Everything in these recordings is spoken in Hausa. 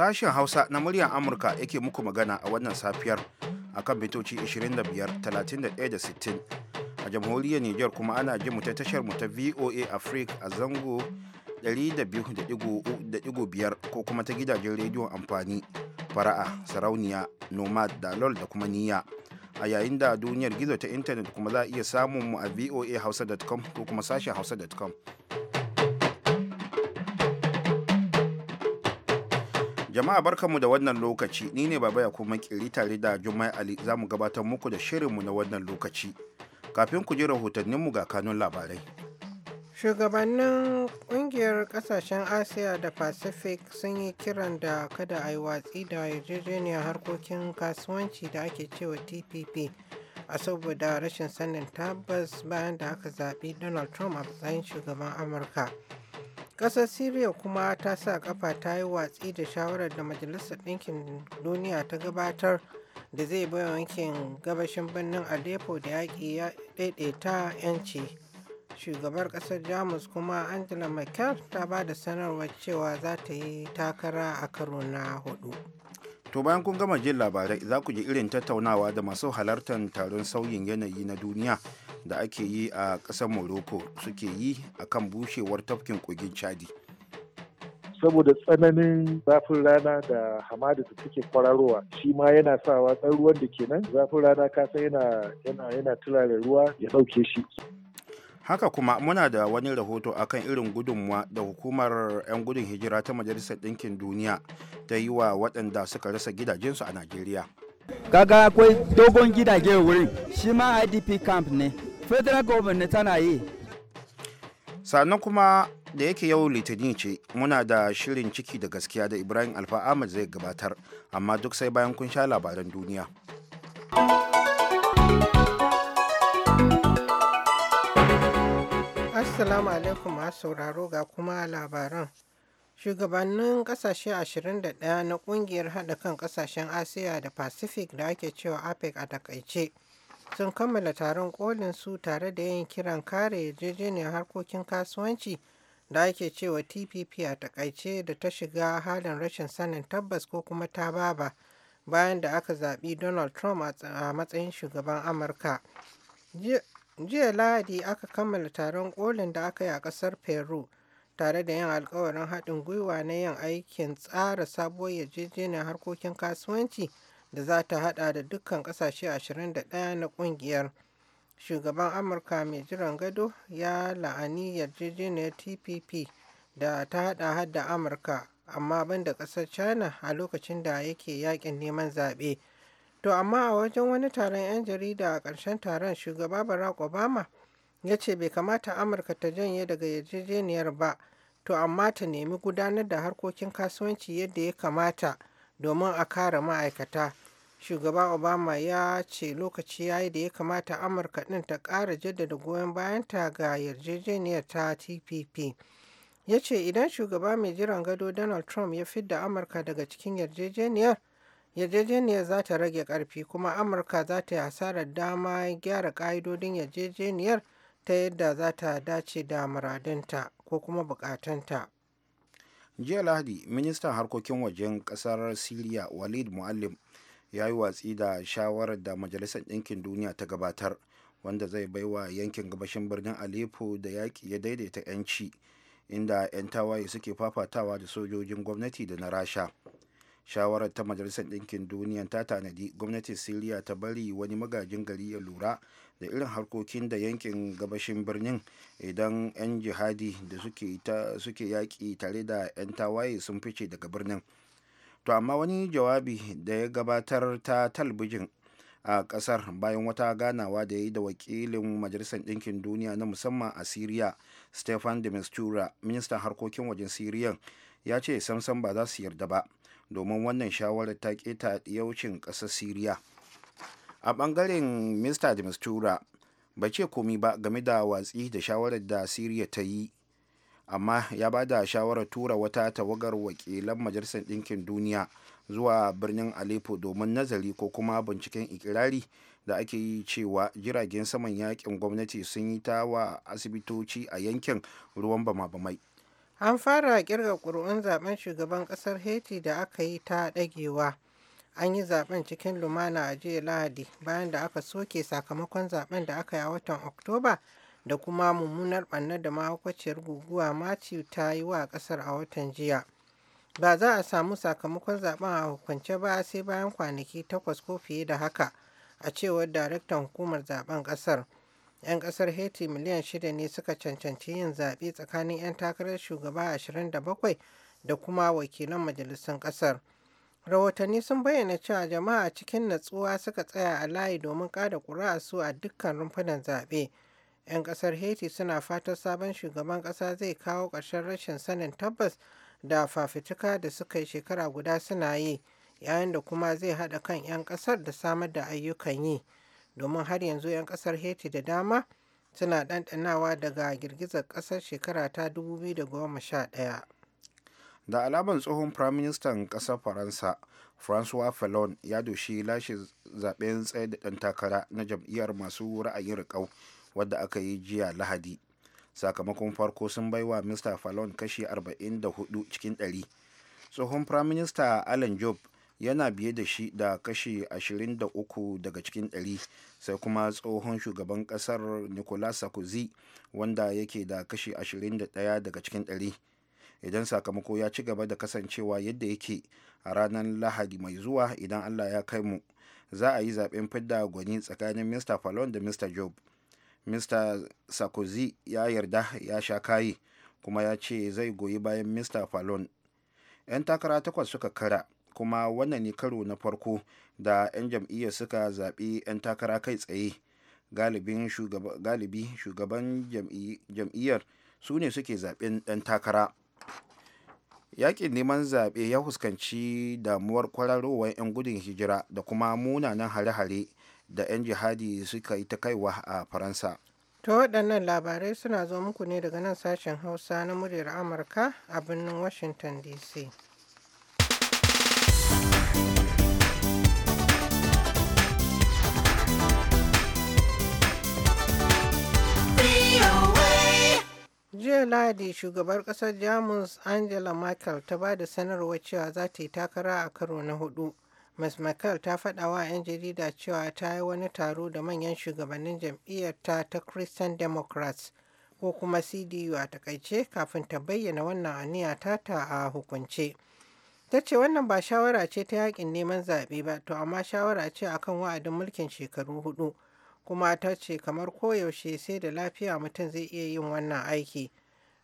Sashen Hausa na muryar Amurka yake muku magana a wannan safiyar akan mitoci 25, 31 da 60. A jamhuriyar Nijar kuma ana ji mu ta tashar mu ta VOA Africa a zango 200.5 ko kuma ta gidajen rediyon amfani fara'a sarauniya nomad dalol da kuma niyya a yayin da duniyar gizo ta intanet kuma za a iya samun mu a voa hausa.com ko kuma sashen hausa.com Jama'a barka mu da wannan lokaci, ni ne baba ya kuma kiri tare da Jummai Ali za mu gabatar muku da shirin mu na wannan lokaci. Kafin ku ji rahotanninmu ga kanun labarai. Shugabannin kungiyar kasashen Asiya da Pacific sun yi kiran da kada a yi watsi da yarjejeniyar harkokin kasuwanci da ake cewa TPP a saboda rashin sanin tabbas bayan da aka zaɓi Donald Trump a matsayin shugaban Amurka. kasar syria kuma ta sa kafa ta yi watsi da shawarar da Majalisar Ɗinkin Duniya ta gabatar da zai bai yankin gabashin birnin Aleppo da yaƙi ya ɗaiɗaita 'yanci. Shugabar kasar Jamus kuma Angela Merkel ta ba da sanarwar cewa za ta yi takara a karo na hudu. To bayan kun gama jin labarai za ku ji irin tattaunawa da masu halartar taron sauyin yanayi na duniya da ake yi a ƙasar morocco suke yi a kan bushewar tafkin kogin chadi saboda tsananin zafin rana da hamada da suke kwararowa shi ma yana sawa ɗan ruwan da ke nan, zafin rana kasa yana yana yana ruwa ya ɗauke shi haka kuma muna da wani rahoto akan irin gudunmuwa da hukumar 'yan gudun hijira ta majalisar ɗinkin duniya ta yi wa waɗanda suka rasa gidajensu a najeriya kaga akwai dogon gidaje wurin shi ma idp camp ne federal government tana yi sannan kuma da yake yau litinin ce muna da shirin ciki da gaskiya da ibrahim alfa ahmad zai gabatar amma duk sai bayan kun sha labaran duniya assalamu alaikum ma sauraro ga kuma labaran shugabannin kasashe 21 na kungiyar haɗa kan kasashen asiya da pacific da ake cewa apec a takaice sun kammala taron kolin su tare da yin kiran kare yarjejeniyar harkokin kasuwanci da ake cewa tpp a takaice da ta shiga halin rashin sanin tabbas ko kuma ta baba bayan da aka zaɓi donald trump a matsayin shugaban amurka jiya lahadi aka kammala taron kolin da aka yi a ƙasar peru tare da yin alkawarin haɗin gwiwa na yin aikin tsara sabuwar yarjejeniyar harkokin kasuwanci da za ta hada da dukkan kasashe 21 na kungiyar shugaban amurka mai jiran gado ya la'ani yarjejeniyar tpp da ta hada hada amurka amma banda kasar china a lokacin da yake yakin neman zaɓe to amma a wajen wani taron 'yan jarida a ƙarshen taron shugaba barack obama ya ce bai kamata amurka ta janye daga yarjejeniyar ba to amma ta nemi gudanar da harkokin kasuwanci yadda ya kamata domin a kare ma'aikata. Shugaba Obama ya ce lokaci yayi da ya kamata Amurka ɗin ta kara jaddada goyon bayanta ga yarjejeniyar ta TPP. Ya ce idan shugaba mai jiran gado Donald Trump ya fidda Amurka daga cikin yarjejeniyar, yarjejeniyar za ta rage ƙarfi kuma Amurka za ta yi hasarar dama gyara ƙa'idodin yarjejeniyar ta yadda za ta dace da muradinta ko kuma buƙatunta. jiya lahadi ministan harkokin wajen kasar siriya walid muallim ya yi watsi da shawarar da majalisar ɗinkin duniya ta gabatar wanda zai baiwa yankin gabashin birnin aleppo da yaƙi ya daidaita 'yanci inda 'yan tawaye suke fafatawa da sojojin gwamnati da na rasha shawarar ta majalisar ɗinkin duniya ta tanadi gwamnatin siriya ta bari wani magajin gari ya lura da irin harkokin da yankin gabashin birnin idan 'yan jihadi da suke yaƙi tare da 'yan tawaye sun fice daga birnin to amma wani jawabi da ya gabatar ta talbijin a ƙasar bayan wata ganawa da ya yi da wakilin majalisar ɗinkin duniya na musamman a siriya stefan de mistura ministan harkokin wajen siriyan ya ce samsam ba za su yarda ba domin wannan shawarar ta ƙeta yaucin ƙasar siriya a bangaren mista james mistura ba ce komi ba game da watsi da shawarar da siriya ta yi amma ya ba da shawarar tura wata tawagar wakilan majalisar ɗinkin duniya zuwa birnin aleppo domin nazari ko kuma binciken ikirari da ake yi cewa jiragen saman yakin gwamnati sun yi ta wa asibitoci a yankin ruwan bama-bamai an fara kirga kur'un zaben shugaban kasar haiti da aka yi ta dagewa. an yi zaben cikin lumana a jiya lahadi bayan da aka soke sakamakon zaben da aka yi a watan oktoba da kuma mummunar ɓannar da mahaukaciyar guguwa maci ta yi wa ƙasar a watan jiya ba za a samu sakamakon zaben a hukunce ba sai bayan kwanaki takwas ko fiye da haka a cewar daraktan hukumar zaben ƙasar 'yan ƙasar haiti miliyan shida ne suka cancanci yin zaɓe tsakanin 'yan takarar shugaba 27 da kuma wakilan majalisun ƙasar. rahotanni sun bayyana cewa jama'a cikin natsuwa suka tsaya a layi domin kada su a dukkan rumfunan zaɓe 'yan ƙasar haiti suna fatan sabon shugaban ƙasa zai kawo ƙarshen rashin sanin tabbas da fafutuka da suka yi shekara guda suna yi yayin da kuma zai haɗa kan 'yan ƙasar da samar da ayyukan yi domin har yanzu 'yan ƙasar haiti da dama suna ɗanɗanawa daga girgizar ƙasar shekara ta 2011 da alaman tsohon firaministan ƙasar faransa francois fillon ya doshi lashe zaben tsaye da ɗan takara na jam'iyyar masu ra'ayin riƙau wadda aka yi jiya lahadi sakamakon farko sun baiwa mr fallon kashi 44 cikin 100 tsohon firaminista alan job yana biye da shi da kashi 23 daga cikin 100 sai kuma tsohon shugaban kasar nicolas sarkozy wanda yake da kashi 21 daga cikin 100 idan sakamako ya ci gaba da kasancewa yadda yake a ranar lahadi mai zuwa idan allah ya kai mu za a yi zaben fidda gwani tsakanin mr falon da mr job mr sarkozy ya yarda ya sha kayi kuma ya ce zai goyi bayan mr fallon 'yan takara takwas suka kara kuma wannan ne karo na farko da 'yan jam'iyyar suka zaɓi 'yan takara kai tsaye galibi shugaban jam'iyyar su ne suke zaɓen yan takara yakin neman zaɓe ya fuskanci damuwar kwararowar 'yan gudun hijira da kuma munanan hare-hare da 'yan jihadi suka yi ta kaiwa a faransa to waɗannan labarai suna zo muku ne daga nan sashen hausa na muryar amurka a birnin washington dc yau Lahadi shugabar kasar Jamus Angela Merkel ta ba da sanarwa cewa za ta yi takara a karo na hudu. Ms. Merkel ta faɗa wa 'yan jarida cewa ta yi wani taro da manyan shugabannin jam'iyyar ta ta Christian Democrats ko kuma CDU a takaice kafin ta bayyana wannan aniya ta a hukunce. Ta ce wannan ba shawara ce ta yakin neman zaɓe ba, to amma shawara ce akan wa'adin mulkin shekaru hudu. kuma ta ce kamar koyaushe sai da lafiya mutum zai iya yin wannan aiki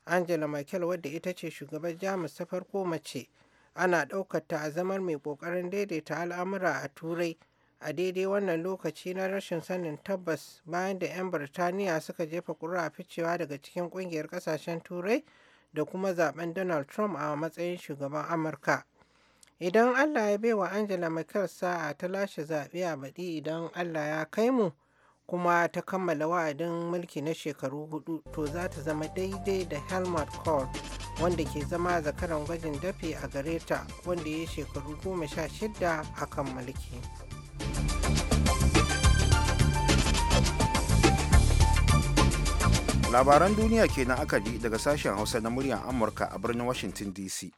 angela merkel wadda ita ce shugabar jamus ta farko mace ana ɗaukar ta a zamar mai ƙoƙarin daidaita al'amura a turai a daidai wannan lokaci na rashin sanin tabbas bayan da 'yan birtaniya suka jefa ƙuri'a ficewa daga cikin ƙungiyar ƙasashen turai da kuma zaben donald trump a matsayin shugaban amurka idan allah ya bai wa angela merkel sa'a ta lashe zaɓe a baɗi idan allah ya kai mu kuma ta kammala wa'adin mulki na shekaru hudu to za ta zama daidai da helmut kohl wanda ke zama zakaran gwajin dafe a gare ta wanda ya shekaru goma sha shida a kan mulki labaran duniya kenan aka ji daga sashen hausa na muryar amurka a birnin washington dc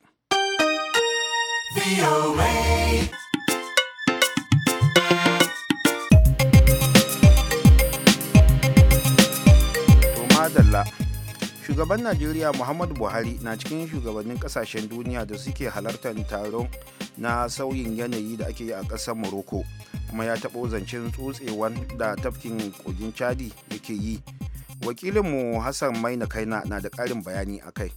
dalla shugaban najeriya muhammadu buhari na cikin shugabannin kasashen duniya da suke halartar taron na sauyin yanayi da ake yi a ƙasar morocco kuma ya taɓo zancen tsotsewan da tafkin kogin chadi yake yi wakilinmu hassan maina kaina na da ƙarin bayani a kai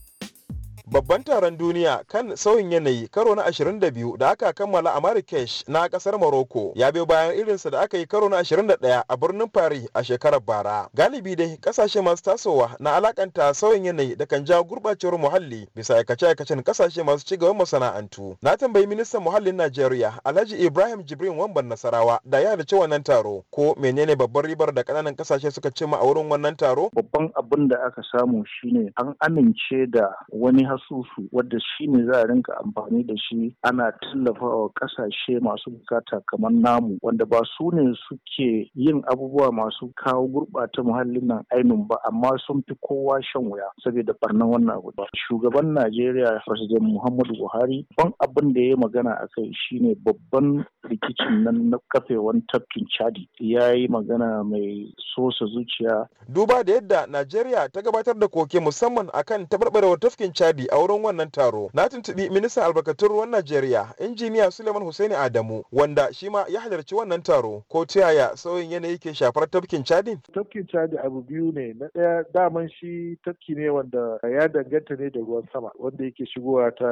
babban taron duniya kan sauyin yanayi karo na 22 da aka kammala a marrakesh na kasar morocco ya biyo bayan irinsa da aka yi karo na 21 a birnin paris a shekarar bara galibi dai kasashe masu tasowa na alakanta sauyin yanayi da kan jawo gurbacewar muhalli bisa aikace-aikacen kasashe masu ci gaban masana'antu na tambayi ministan muhallin najeriya alhaji ibrahim jibrin wamban nasarawa da ya halarci wannan taro ko menene babban ribar da kananan kasashe suka cimma a wurin wannan taro babban abin da aka samu shine an amince da wani asusu wadda shi ne za a rinka amfani da shi ana tallafawa kasashe masu bukata kamar namu wanda ba su ne suke yin abubuwa masu kawo gurɓata muhallin nan ainihin ba amma sun fi kowa shan wuya saboda barnan wannan abu ba shugaban najeriya president muhammadu buhari ban abin da ya magana a kai shine babban rikicin nan na kafewan tafkin chadi ya yi magana mai sosa zuciya duba da yadda najeriya ta gabatar da koke musamman akan tabarbarewar tafkin chadi a wurin wannan taro na tuntuɓi ministan albarkatun ruwan najeriya injiniya suleiman hussaini adamu wanda shi ma ya halarci wannan taro ko ta yaya sauyin yanayi ke shafar tafkin chadin tafkin chadi abu biyu ne na ɗaya daman shi tafki ne wanda ya danganta ne da ruwan sama wanda yake shigowa ta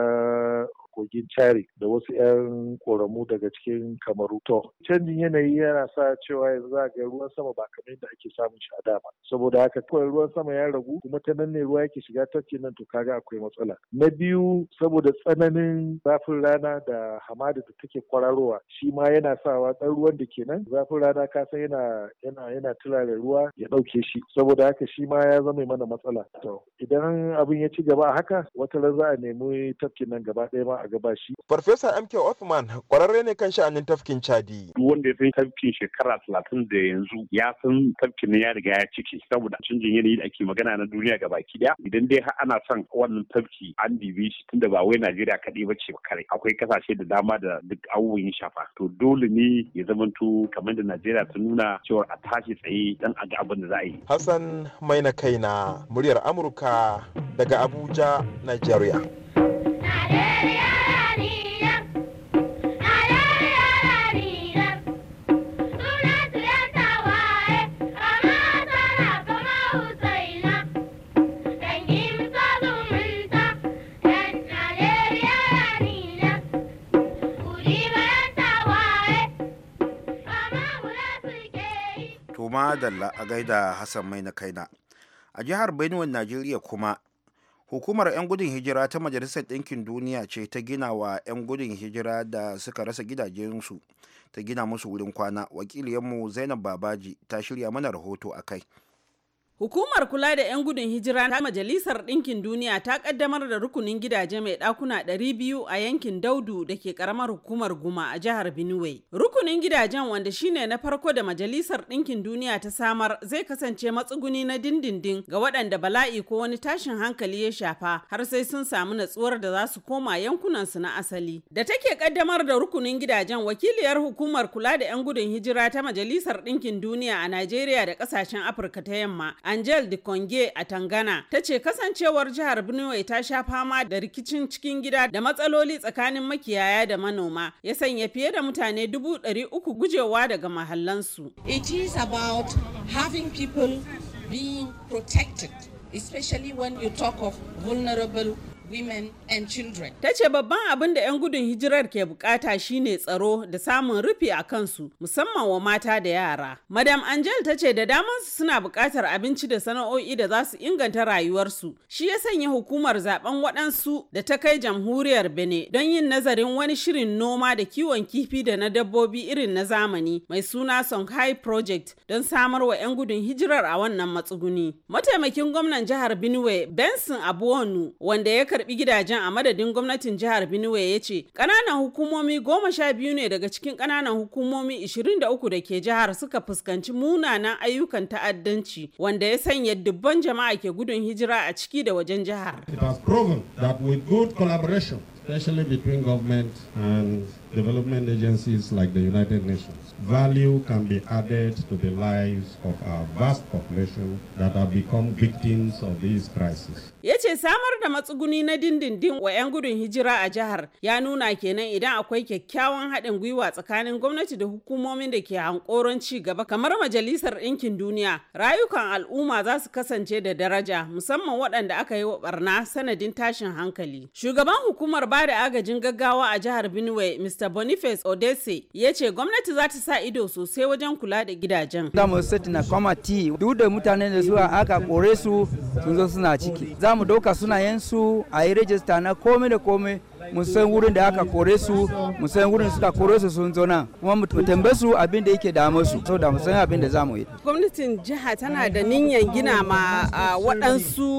kogin Chari da wasu 'yan ƙoramu daga cikin Kamaru. To, canjin yanayi yana sa cewa yanzu za ga ruwan sama ba kamar yadda ake samun shi a da ba. Saboda haka kawai ruwan sama ya ragu kuma ta nan ne ruwa yake shiga tafki nan to kaga akwai matsala. Na biyu saboda tsananin zafin rana da hamada da take kwararowa shi ma yana sawa ɗan ruwan da ke nan zafin rana ka san yana yana yana tulare ruwa ya ɗauke shi saboda haka shi ma ya zama mana matsala. To, idan abin ya ci gaba a haka wata za a nemi tafkin nan gaba ɗaya ma a ga ba shi. Farfesa MK Othman kwararre ne kan sha'anin tafkin Chadi. Duk wanda ya san tafkin shekara talatin da yanzu ya san tafkin ya riga ya ciki, saboda canjin yanayi da ake magana na duniya ga baki daya idan dai har ana son wannan tafki an dibe shi tunda ba wai Najeriya kaɗai ba ce kare akwai kasashe da dama da duk abubuwan ya shafa to dole ne ya zamanto kamar da Najeriya ta nuna cewa a tashi tsaye dan a ga abin da za a yi. Hassan mai na kaina muryar Amurka daga Abuja, Nigeria. Toma Dalla a gaida Hassan Mai na kaina. A jihar Benue Najeriya kuma hukumar 'yan gudun hijira ta majalisar ɗinkin duniya ce ta gina wa 'yan gudun hijira da suka rasa gidajensu ta gina musu wurin kwana wakiliyanmu zainab babaji ta shirya mana rahoto a kai Hukumar kula da 'yan gudun hijira ta Majalisar Ɗinkin Duniya ta kaddamar da rukunin gidaje mai ɗakuna 200 a yankin Daudu da ke ƙaramar hukumar Guma a jihar Benue. Rukunin gidajen wanda shine na farko da Majalisar Ɗinkin Duniya ta samar zai kasance matsuguni na dindindin ga waɗanda bala'i ko wani tashin hankali ya shafa har sai sun samu natsuwar da za su koma yankunansu na asali. Da take kaddamar da rukunin gidajen wakiliyar hukumar kula da 'yan gudun hijira ta Majalisar Ɗinkin Duniya a Najeriya da ƙasashen Afirka ta Yamma Angel Dikonge a Tangana ta ce kasancewar jihar Benue ta sha fama da rikicin cikin gida da matsaloli tsakanin makiyaya da manoma ya sanya fiye da mutane dubu ɗari uku gujewa daga mahallansu. It is about having people being protected especially when you talk of vulnerable women Ta ce babban abin da 'yan gudun hijirar ke bukata shine tsaro da samun rufi a kansu musamman wa mata da yara. Madam Angel ta ce da su suna bukatar abinci da sana'o'i da za su inganta rayuwarsu. Shi ya sanya hukumar zaben waɗansu da ta kai jamhuriyar bene, don yin nazarin wani shirin noma da kiwon kifi da na dabbobi irin na zamani mai suna Songhai Project don samar wa 'yan gudun hijirar a wannan matsuguni. Mataimakin gwamnan jihar Benue Benson Abuonu wanda ya karbi gidajen a madadin gwamnatin jihar Benue ya ce ƙananan hukumomi goma sha biyu ne daga cikin ƙananan hukumomi 23 da ke jihar suka fuskanci munanan ayyukan ta'addanci wanda ya sanya dubban jama'a ke gudun hijira a ciki da wajen jihar. It has proven with good collaboration, especially between government development agencies like the United Nations. Value can be added to the lives of our vast population that have become victims of this crises. Ya samar da matsuguni na dindindin wa 'yan gudun hijira a jihar ya nuna kenan idan akwai kyakkyawan haɗin gwiwa tsakanin gwamnati da hukumomin da ke hankoron ci gaba kamar Majalisar Ɗinkin Duniya, rayukan al'umma za su kasance da daraja musamman waɗanda aka yi wa barna sanadin tashin hankali. Shugaban hukumar ba da agajin gaggawa a jihar Benue, Mr. Mr. Boniface Odese ya ce gwamnati za ta sa ido sosai wajen kula da gidajen. Za mu na kwamati duk da mutane da zuwa aka kore su sun zo suna ciki. Za mu ɗauka sunayensu a yi rajista na komai da komai mun san wurin da aka kore su mun san wurin suka kore su sun zo nan kuma mu tambaye su abin da yake damu su saboda mu san abin da za mu yi gwamnatin jiha tana da niyyar gina ma waɗansu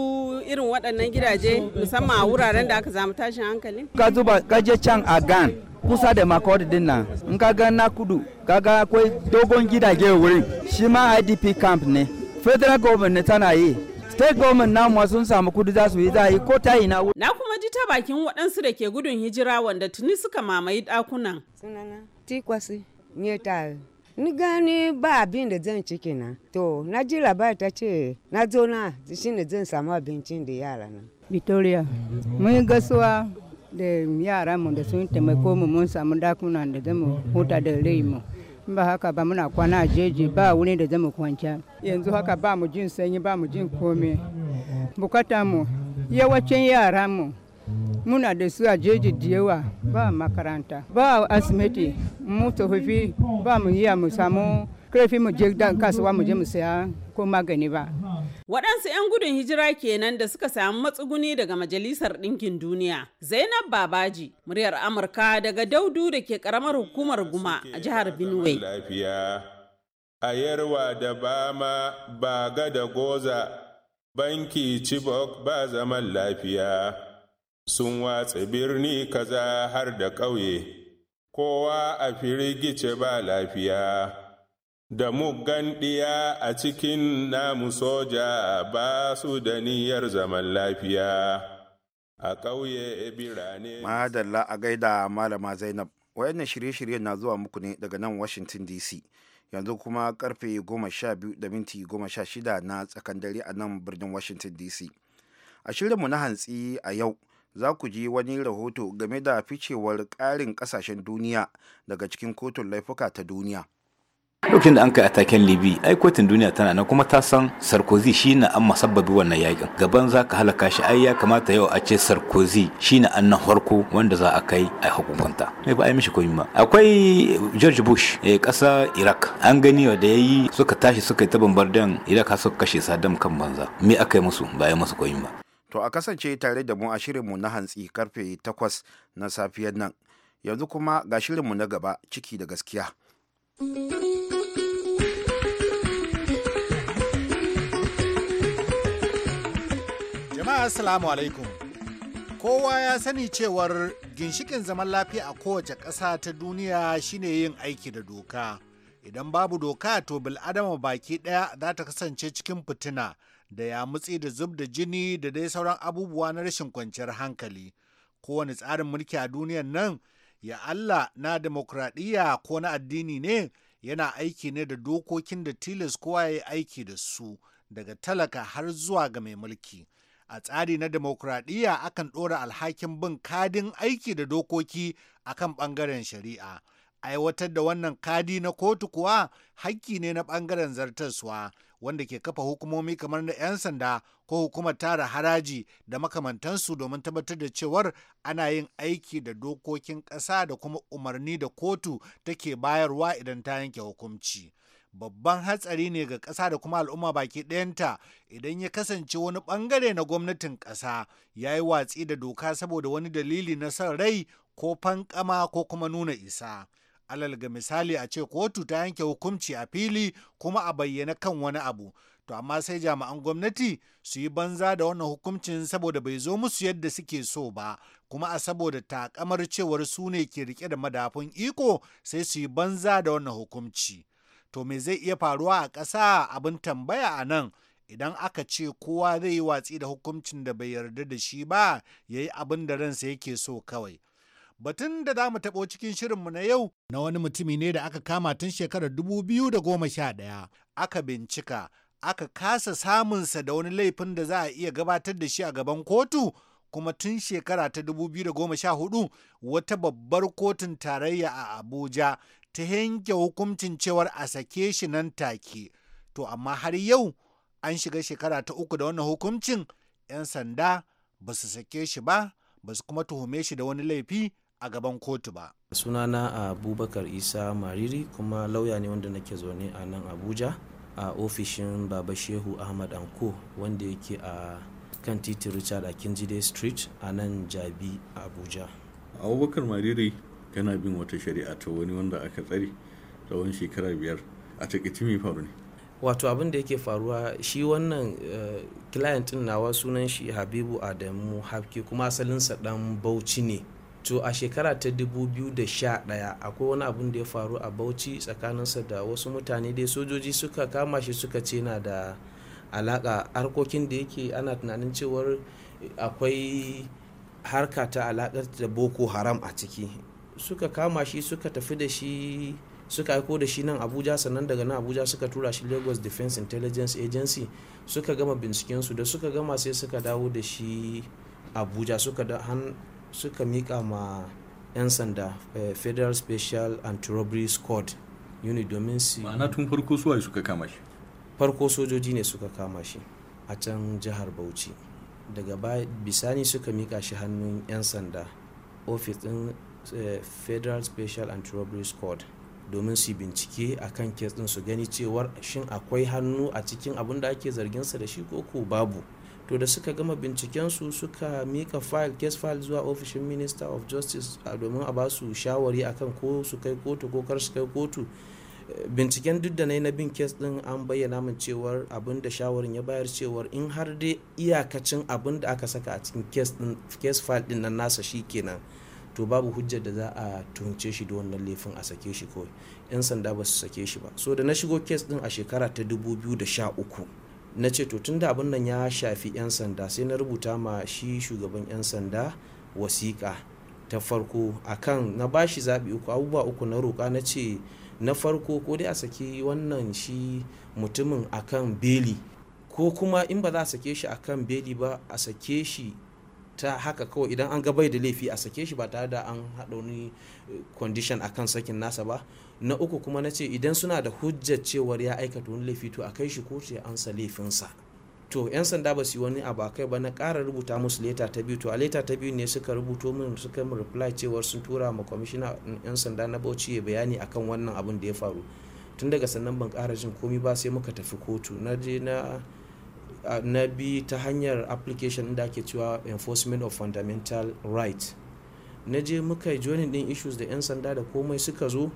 irin waɗannan gidaje musamman a wuraren da aka zama tashin hankali ka zuba ka je can a gan kusa da makawar din nan in ka ga na kudu ka ga akwai dogon gidaje wurin shi ma idp camp ne federal government tana yi state government namu sun samu kudi za su yi za yi ko ta yi na kuma ji ta bakin waɗansu da ke gudun hijira wanda tuni suka mamaye ɗakunan sunana tikwasi ne ta. ni gani ba abin da zan ciki na to na ji labari ta ce na zo na shi ne zan samu abincin da yara na victoria mun gasuwa da yara mu da sun taimako mu mun samu dakuna da zan huta da rai mu ba haka ba muna kwana a jeji ba wurin da zama kwanciya yanzu haka ba mu jin sanyi ba mu jin komai bukata mu yawancin yara mu muna da su a jeji da yawa ba makaranta ba asibiti mu tsofaffi ba mu yi mu samu karfi mu je kasuwa mu je mu saya ko magani ba. Waɗansu 'yan gudun hijira kenan da suka samu matsuguni daga Majalisar Ɗinkin Duniya. Zainab Babaji, muryar Amurka daga Daudu da ke ƙaramar hukumar Guma a jihar Benue. A yarwa da bama baga da goza banki Chibok ba zaman lafiya sun watsa birni kaza har da ƙauye kowa a firgice ba lafiya. da muggan a cikin namu soja ba su da niyyar zaman lafiya a ƙauye birane. Madalla a gaida Malama Zainab, wayannan shirye shirye na zuwa muku ne daga nan Washington DC. Yanzu kuma karfe 12.16 na tsakan dare a nan birnin Washington DC. A shirinmu na hantsi a yau, za ku ji wani rahoto game da ficewar ƙarin ƙasashen duniya daga cikin kotun laifuka ta duniya. lokacin da an kai ataken libi ai kotun duniya tana nan kuma ta san sarkozy na an masabbabi wannan yakin gaban za ka halaka shi ai ya kamata yau a ce sarkozy shi an annan farko wanda za a kai a hukunta mai eh, ba ai mishi ma akwai george bush a eh, kasa iraq an gani da yayi suka tashi suka yi ta bombardan iraq har suka kashe saddam kan banza me aka yi musu ba ai musu komai ba to a kasance tare da mu a shirinmu na hantsi karfe 8 na safiyar nan yanzu kuma ga shirin mu na gaba ciki da gaskiya thank you Assalamu alaikum. Kowa ya sani cewar ginshikin zaman lafiya a kowace ƙasa ta duniya shine yin aiki da doka. Idan babu doka to bil'adama baki ɗaya za ta kasance cikin fitina da ya yamutsi da zub da jini da dai sauran abubuwa na rashin kwanciyar hankali. Kowane tsarin mulki a duniyar nan ya Allah na demokradiyya ko na addini ne yana aiki ne da dokokin da tilas kowa ya yi aiki da su daga talaka har zuwa ga mai mulki. a tsari na demokradiyya akan ɗora alhakin bin kadin aiki da dokoki akan ɓangaren shari'a aiwatar da wannan kadi na kotu kuwa hakki ne na ɓangaren zartaswa wanda ke kafa hukumomi kamar na 'yan sanda ko hukumar tara haraji da makamantansu domin tabbatar da cewar ana yin aiki da dokokin ƙasa da kuma umarni da kotu take bayarwa idan ta yanke hukunci. babban hatsari ne ga ƙasa da kuma al'umma baki ɗayanta idan ya kasance wani ɓangare na gwamnatin ƙasa ya yi watsi da doka saboda wani dalili na son rai ko fankama ko kuma nuna isa. Alal ga misali a ce kotu ta yanke hukunci a fili kuma a bayyana kan wani abu. to amma sai jami'an gwamnati su yi banza da wannan hukuncin saboda bai zo musu yadda suke so ba kuma a saboda takamar cewar su ne ke rike da madafun iko sai su yi banza da wannan hukunci to me zai iya faruwa a ƙasa abin tambaya a nan idan aka ce kowa zai yi watsi da hukuncin da bai yarda da shi ba ya yi abin da ransa yake so kawai batun da za mu taɓo cikin shirinmu na yau na wani mutumi ne da aka kama tun shekarar 2011 aka bincika aka kasa samunsa da wani laifin da za a iya gabatar da shi a gaban kotu kuma tun shekara ta 2014 wata babbar kotun tarayya a Abuja ta yanke hukuncin cewar a sake shi nan take to amma har yau an shiga shekara ta uku da wannan hukuncin 'yan sanda ba su sake shi ba ba su kuma tuhume shi da wani laifi a gaban kotu ba sunana abubakar isa mariri kuma lauya ne wanda nake zaune a nan abuja a ofishin baba shehu ahmad anko wanda yake a kan titin richard a kinjide street a nan jabi abuja abubakar mariri kana bin wata shari'a ta wani wanda aka tsare tsawon shekara biyar a takaici mai faru ne wato abin da yake faruwa shi wannan eh, client din nawa sunan shi habibu adamu hafke kuma asalinsa dan bauchi ne to a shekara ta 2011 akwai wani abin da ya faru a bauchi tsakaninsa da wasu mutane dai sojoji suka kama shi suka ce na da alaka harkokin da yake ana tunanin cewar akwai harka ta alakar da boko haram a ciki suka kama shi suka tafi da shi suka aiko da shi nan abuja sannan daga nan abuja suka tura shi lagos defense intelligence agency suka gama bincikensu da suka gama sai suka dawo da shi abuja suka da han suka mika ma 'yan sanda eh, federal special anti-robbery squad unit domin su ma'ana tun farko suwa suka kama shi farko sojoji ne suka kama shi a can jihar bauchi daga bisani suka mika shi hannun 'yan sanda ofis din Eh, federal special anti-robbery squad domin su bincike a kan kes din su gani cewar shin akwai hannu a cikin abin da ake sa da shi ko babu to da suka gama bincikensu suka mika file case file zuwa ofishin minister of justice domin a ba su shawari akan ko su kai kotu ko kar su kai kotu eh, binciken duk da na na bin kes din an bayyana min cewar abin da shawarin ya bayar cewar in har dai iyakacin abin da aka saka a cikin case file din nan nasa shi kenan to babu hujjar da za a tunce shi da wannan laifin a sake shi kawai yan sanda ba su sake shi ba so da na shigo kes din a shekara ta 2013 na ce to tunda abin nan ya shafi yan sanda sai na rubuta ma shi shugaban yan sanda wasiƙa ta farko akan na ba shi zaɓi uku abubuwa uku na roƙa na ce na farko ko dai a sake wannan shi mutumin akan beli ko kuma in ba za a sake shi akan beli ba a sake shi ta haka kawai idan an gabai da laifi a sake shi ba tare da an haɗa wani eh, condition kan sakin nasa ba na uku kuma na ce idan suna da hujjar cewar ya aikata wani laifi to a kai shi kotu ya ansa laifinsa to 'yan sanda ba su yi wani abu kai ba na ƙara rubuta musu leta ta biyu to a leta ta biyu ne suka rubuto min suka mu reply cewar sun tura ma kwamishina mm, 'yan sanda na bauchi ya bayani akan wannan abin da ya faru tun daga sannan ban ƙara jin komi ba sai muka tafi kotu na je na na bi ta hanyar application da ake cewa enforcement of fundamental right na je muka joinin din issues da 'yan sanda da komai suka zo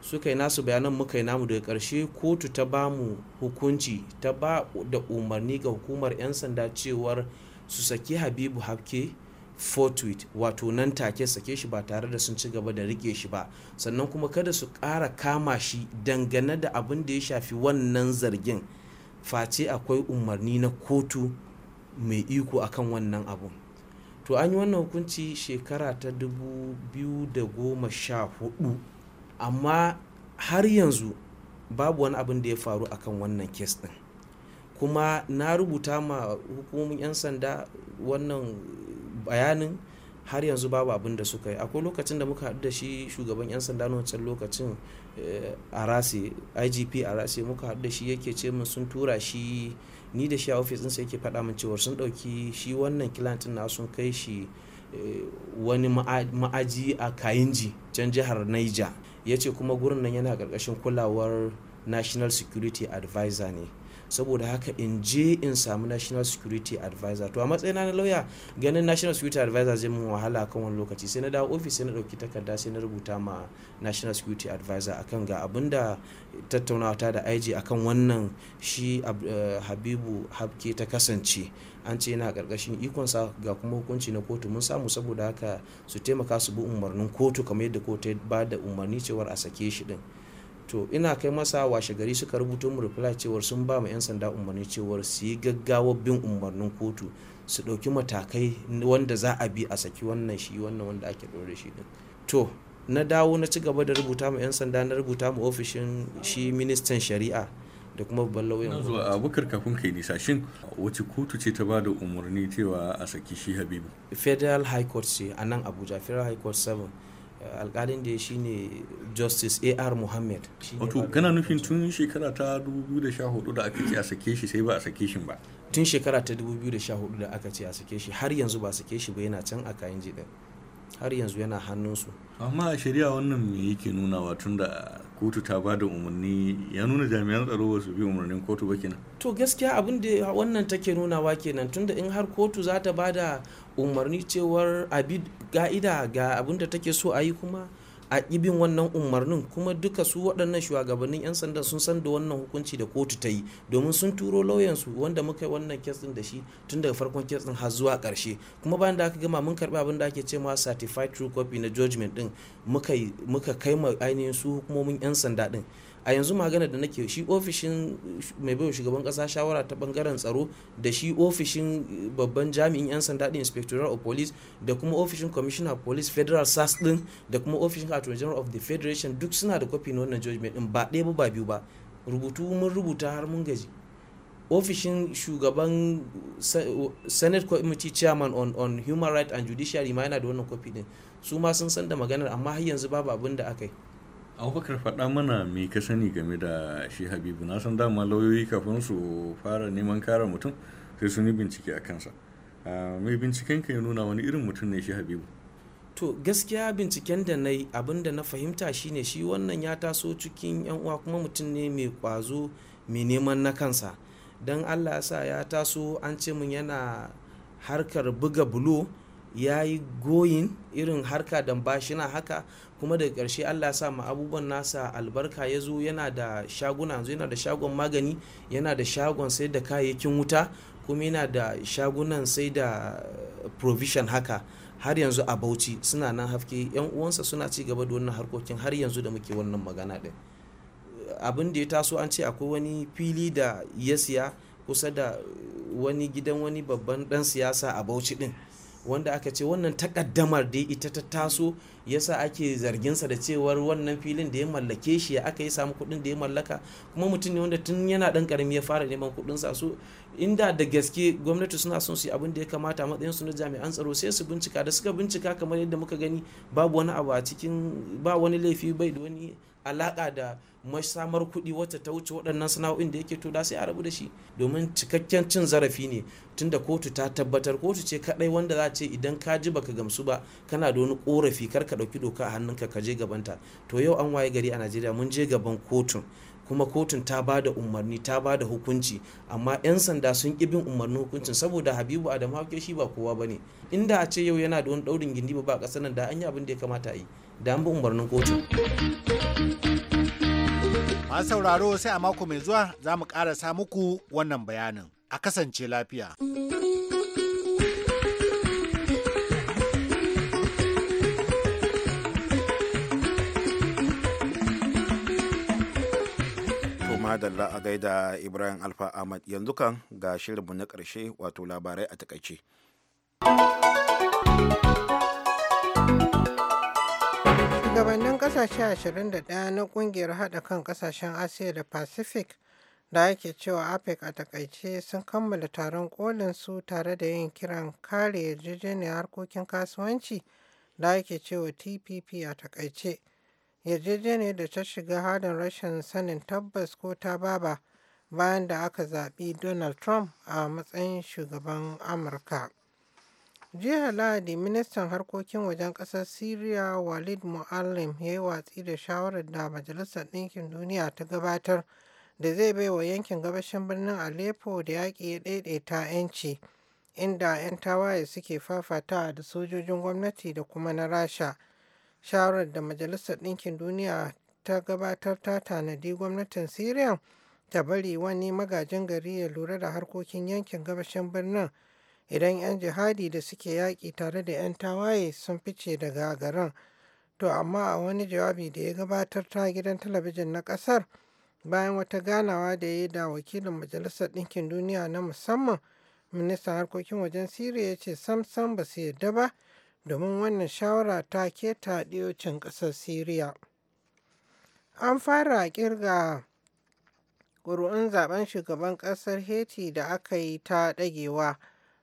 suka yi nasu bayanan muka yi namu daga karshe kotu ta ba mu hukunci ta ba da umarni ga hukumar 'yan sanda cewar su saki habibu hafke fortuit wato nan take sake shi ba tare da sun ci gaba da rike shi ba sannan kuma kada su ƙara kama shi dangane da abin da ya shafi wannan zargin face akwai umarni na kotu mai iko akan wannan abu to an yi wannan hukunci shekara ta 2014 amma har yanzu babu wani abin da ya faru akan wannan kes din kuma na rubuta ma hukumomin 'yan sanda wannan bayanin har yanzu babu abin da suka yi akwai lokacin da muka haɗu da shi shugaban 'yan sanda na wancan lokacin eh, a rasi igp a rasi muka haɗu da shi yake ce min sun tura shi ni da shi a ofis ɗinsa yake faɗa min cewar sun ɗauki shi wannan kilantin na sun kai shi eh, wani ma'aji a kayinji can jihar niger ya ce kuma gurin nan yana ƙarƙashin kulawar national security advisor ne saboda haka in je in samu national security advisor to a matsayina na lauya ganin national security advisor zai mun wahala kan wani lokaci sai na dawo ofis sai na dauki takarda sai na rubuta ma national security advisor akan ga abinda tattaunawa ta da IG akan wannan shi eh, Habibu Habke ta kasance an ce yana karkashin ikonsa ga kuma hukunci na kotu mun samu saboda haka su taimaka su bi umarnin kotu kamar yadda kotu ba da umarni cewar a sake shi din to ina kai masa washe gari suka rubuto mu reply cewar sun ba mu 'yan sanda umarni cewar su yi gaggawa bin umarnin kotu su ɗauki matakai wanda za a bi a saki wannan shi wannan wanda ake ɗaure shi din to na dawo na ci gaba da rubuta mu 'yan sanda na rubuta mu ofishin shi ministan shari'a da kuma babban lauyan zuwa abubakar kafin kai nisa shin wace kotu ce ta ba da umarni cewa a saki shi habibu federal high court ce a nan abuja federal high court 7 alkalin da ya shine justice ar muhammad wato kana nufin tun shekara ta 2014 da aka ce a sake shi sai ba a sake shi ba tun shekara ta 2014 da aka ce a sake shi har yanzu ba a sake shi ba yana can a kayan jiɗin har yanzu yana hannunsu amma a shari'a wannan me yake nunawa watun da kotu ta ba da umarni ya nuna jami'an tsaro ba bi umarnin kotu ba kenan to gaskiya abin da wannan take nunawa kenan tunda in har kotu za ta ba da umarni cewar bi ga'ida ga abin da take so a yi kuma a ibin wannan umarnin kuma duka su waɗannan shugabannin 'yan sanda sun san da wannan hukunci da kotu ta yi domin sun turo lauyansu wanda muka yi wannan kes din da shi tun daga farkon kes har zuwa ƙarshe kuma bayan da aka gama mun karɓi abin da ake ce ma certified true copy na judgment din muka kai ma ainihin su hukumomin 'yan sanda din a yanzu magana da nake shi ofishin mai baiwa shugaban kasa shawara ta bangaren tsaro da shi ofishin babban jami'in yan sanda din inspectorate of police da kuma ofishin commissioner of police federal sas din da kuma ofishin attorney general of the federation duk suna da kwafi na wannan judgment din ba ɗaya ba ba biyu ba rubutu mun rubuta har mun gaji ofishin shugaban senate committee chairman on, on human rights and judiciary ma yana da wannan kwafi din su ma sun san da maganar amma har yanzu babu abin da aka yi abubakar faɗa mana me ka sani game da shi habibu na san dama lauyoyi kafin su fara neman kare mutum sai sun yi bincike a kansa ah, mai binciken ka ya nuna wani irin mutum ne shi habibu to gaskiya binciken da na yi abin da na fahimta shine shi wannan ya taso cikin yan uwa kuma mutum ne mai kwazo mai neman na kansa don allah ya sa ya taso an ce min yana harkar buga bulo ya yi goyin irin harka da bashina haka kuma daga karshe allah sa ma abubuwan nasa albarka ya zo yana da shaguna yanzu yana da shagon magani yana da shagon sai da kayayyakin wuta kuma yana da shagunan sai da provision haka har yanzu a bauchi suna nan hafke yan uwansa suna ci gaba da wannan harkokin har yanzu da muke wannan magana din abin da ya taso an ce akwai wani fili da ya siya kusa da wani gidan wani babban dan siyasa a bauchi din wanda aka ce wannan takaddamar da ita ta taso yasa ake zarginsa da cewar wannan filin da ya mallake shi ya aka yi samu kuɗin da ya mallaka kuma mutum ne wanda tun yana dan karami ya fara neman kuɗin sa so inda da gaske gwamnati suna son su yi abin da ya kamata a matsayin su na jami'an tsaro sai su bincika da suka bincika kamar yadda muka gani babu wani abu a cikin ba wani laifi bai da wani alaka da masamar kuɗi wacce ta wuce waɗannan sana'o'in da yake to da sai a rabu da shi domin cikakken cin zarafi ne tunda kotu ta tabbatar kotu ce kaɗai wanda za ce idan ka ji baka gamsu ba kana da wani korafi kar ka ɗauki doka a hannunka ka je gabanta to yau an waye gari a najeriya mun je gaban kotun kuma kotun ta ba da umarni ta ba da hukunci amma 'yan sanda sun ƙi bin umarnin hukuncin saboda habibu adamu hauke shi ba kowa ba ne inda a ce yau yana da wani ɗaurin gindi ba ba ƙasar nan da an yi abin da ya kamata a yi da an bi umarnin kotu. masu sauraro sai a mako mai zuwa za mu ƙarasa muku wannan bayanin a kasance lafiya. madalla a gaida ibrahim alfa ahmad yanzu kan ga shirinmu na ƙarshe wato labarai a takaice. kasashe 21 na ƙungiyar haɗa kan ƙasashen Asiya da Pacific da ake cewa APEC a e takaice sun kammala taron kolin su tare da yin kiran kare yarjejeniyar harkokin kasuwanci da ake cewa TPP a takaice. Yarjejeniyar da ta shiga hadin rashin sanin tabbas ko ta baba bayan da aka zaɓi Donald Trump a matsayin shugaban Amurka. Jiya Lahadi, ministan harkokin wajen ƙasar Siriya Walid Muallim ya yi watsi da shawarar da Majalisar Ɗinkin Duniya ta gabatar da zai bai wa yankin gabashin birnin Aleppo da yaƙi ya ɗaiɗaita 'yanci, inda 'yan tawaye suke fafatawa da sojojin gwamnati da kuma na Rasha. Shawarar da Majalisar Ɗinkin Duniya ta gabatar ta tanadi gwamnatin Siriya ta bari wani magajin gari ya lura da harkokin yankin gabashin birnin. idan 'yan jihadi da suke yaƙi tare da 'yan tawaye sun fice daga garin to amma a wani jawabi da ya gabatar ta gidan talabijin na ƙasar bayan wata ganawa da ya yi da wakilin majalisar ɗinkin duniya na musamman ministan harkokin wajen siriya ya ce samsam ba su yarda ba domin wannan shawara ta keta ɗiyocin ƙasar siriya an fara kirga ƙuri'un zaben shugaban ƙasar haiti da aka yi ta ɗagewa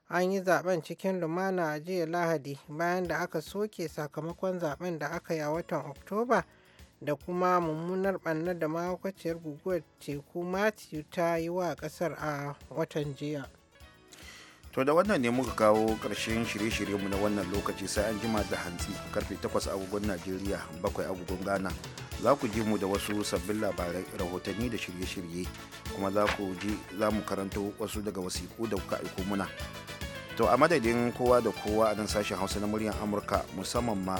an yi zaben cikin lumana a jiya lahadi bayan da aka soke sakamakon zaben da aka yi a watan oktoba da kuma mummunar banna da mahaukaciyar guguwar teku matthew ta yi wa ƙasar a watan jiya to da wannan ne muka kawo ƙarshen shirye-shiryenmu na wannan lokaci sai an jima da hantsi karfe 8 agogon najeriya 7 agogon ghana za ku ji mu da wasu sabbin labarai rahotanni da shirye-shirye kuma za ku ji za mu karanto wasu daga wasiku da kuka aiko muna to a madadin kowa da kowa a nan sashen hausa na muryar amurka musamman ma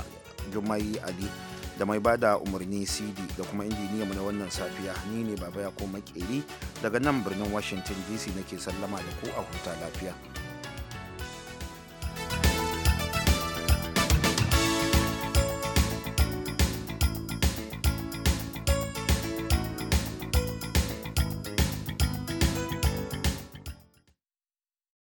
jumai ali da mai bada umarni cd da kuma injiniyanmu na wannan safiya ni ne baba ya koma daga nan birnin washington dc nake sallama da ku a huta lafiya